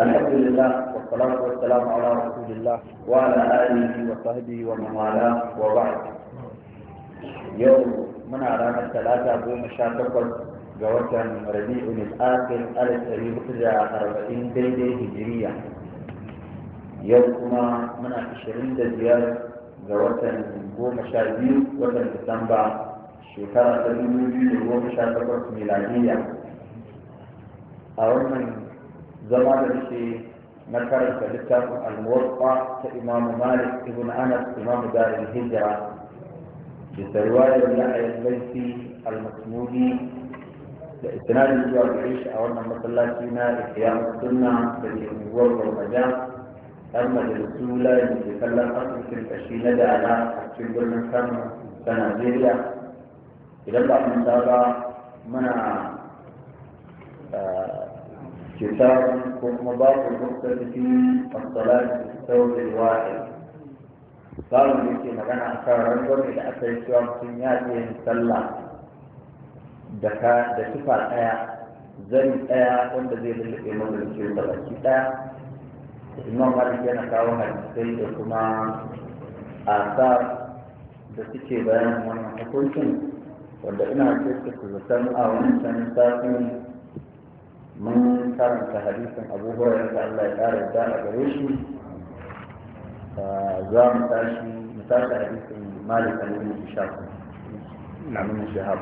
الحمد لله والصلاة والسلام على رسول الله وعلى آله وصحبه ومن والاه وبعد يوم من أعلام الثلاثة أبو مشاكل جوكا ربيع الآخر ألف أبي بكر أربعين ديدي هجرية يوم من عشرين دزيار جوكا أبو مشاكل وطن ديسمبر شكرا تدوي أبو مشاكل ميلادية أولا زمان الشيء نكرت كتاب الموطا كإمام مالك ابن أنس إمام دار الهجرة بسرواية من أحياء الميسي المسمودي لإتنان الجواب عيش أولنا مطلع سينا لقيام السنة في أمور والمجاز أما الرسول الذي تكلم أصل في الأشياء ندى على أكتب من كم سنة زيلة إذا بعد من دابا منع كتاب ومضاف المختلف الصلاة في الثوب الواحد قالوا لي كما كان أكثر رجل إلى أكثر الشوام سنيات ينسلى دكا دكفى الآية زي الآية وانت زي الإمام الكيوب الكتاب إمام مالك أنا كاو حديثي وكما آثار da suke bayan wannan hukuncin wanda ina ce su zaton a wancan safin من كان حديثا ابو هريره الله Allah ya قريشي فزار a متاشي shi حديث مالك tashi mu tashi نعم malik الشهاب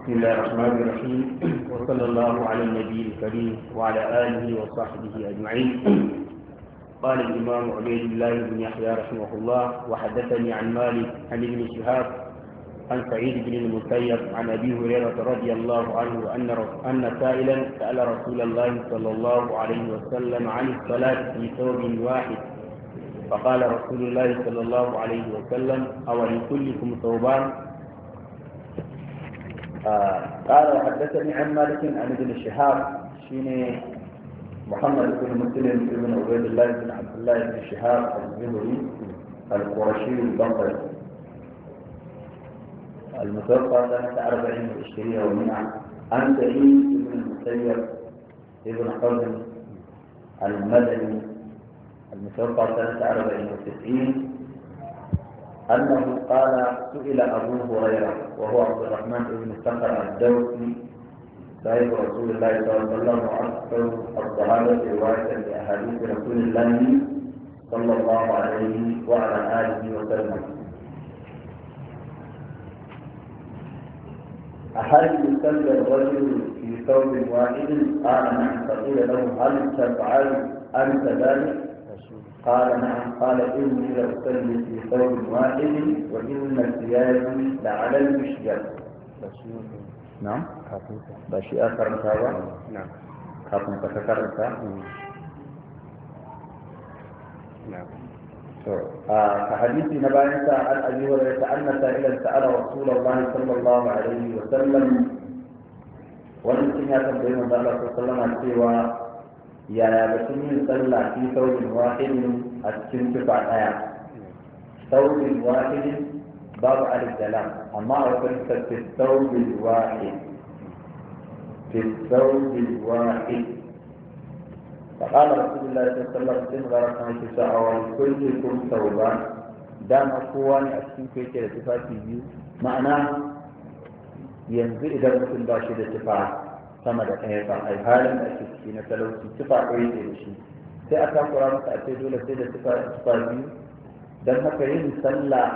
بسم الله الرحمن الرحيم وصلى الله على النبي الكريم وعلى اله وصحبه اجمعين قال الامام عبيد الله بن يحيى رحمه الله وحدثني عن مالك عن ابن شهاب عن سعيد بن المسيب عن أبي هريرة رضي الله عنه أن أن سائلا سأل رسول الله صلى الله عليه وسلم عن الصلاة في ثوب واحد فقال رسول الله صلى الله عليه وسلم أو لكلكم ثوبان آه قال حدثني عن مالك عن ابن شهاب شيني محمد بن مسلم بن عبيد الله بن عبد الله بن شهاب الزهري القرشي البصري المتوفى سنة 24 ومئة عن سعيد بن المسيب ابن حزم المدني المتوفى سنة 94 أنه قال سئل أبو هريرة وهو عبد الرحمن بن سفر الدوسي سائل رسول الله صلى الله عليه وسلم الصحابة رواية لأحاديث رسول الله صلى الله عليه وعلى آله وسلم هل يسلى الرجل في ثوب واحد قال نعم فقيل له هل تفعل انت ذلك قال نعم قال اني لاسلي في ثوب واحد وان ثيابي لعلى المشجر نعم بشيء اخر نعم خاطر تفكرت نعم فحديثي نبايسة na أبي هريرة أن سائلا سأل رسول الله صلى الله عليه وسلم wani cikin ya san bayan da Allah sallama cewa yaya ga sun yi sallah fi sautin wahidin a cikin tufa daya sautin babu alif da amma a wani sautin wahid fi sautin wahid فقال رسول الله صلى الله عليه وسلم غير كان في ساعة ولكلكم ثوبان دام أقواني أكسين في كده تفاتي بيو معناه yanzu idan mutum ba shi da tufa sama da ɗaya ba ai halin da ciki na talauci tufa ɗaya ke da shi sai a takura masa a ce dole sai da tufa tufa don haka yin sallah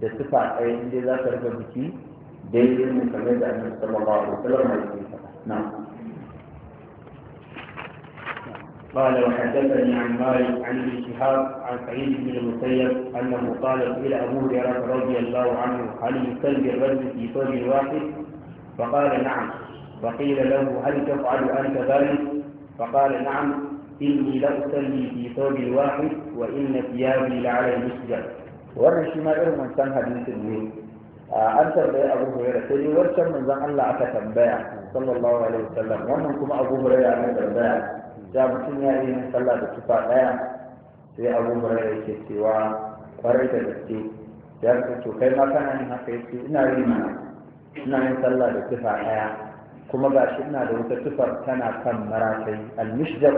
da tufa ɗaya inda za ka rufe biki daidai ne kamar da annabi sallallahu alaihi wasallam ya ce na قال وحدثني عن مالك عن ابن شهاب عن سعيد بن المسيب انه قال الى ابو هريره رضي الله عنه هل يصلي الرجل في ثوب واحد فقال نعم فقيل له هل تفعل انت ذلك فقال نعم اني لاصلي في ثوب واحد وان ثيابي لعلى المسجد ورد الشمال ارمن سن حديث an tambaye abu hurairah sai dai wancan manzon Allah aka tambaya sallallahu alaihi wasallam wannan kuma abu hurairah aka tambaya da mutum ya yi sallah da tufa daya sai abu hurairah yake cewa kwarai da gaske ya ce to kai ma kana yin haka yake ina yi mana ina yin sallah da tufa daya kuma gashi ina da wata tufar tana kan maratai almishjar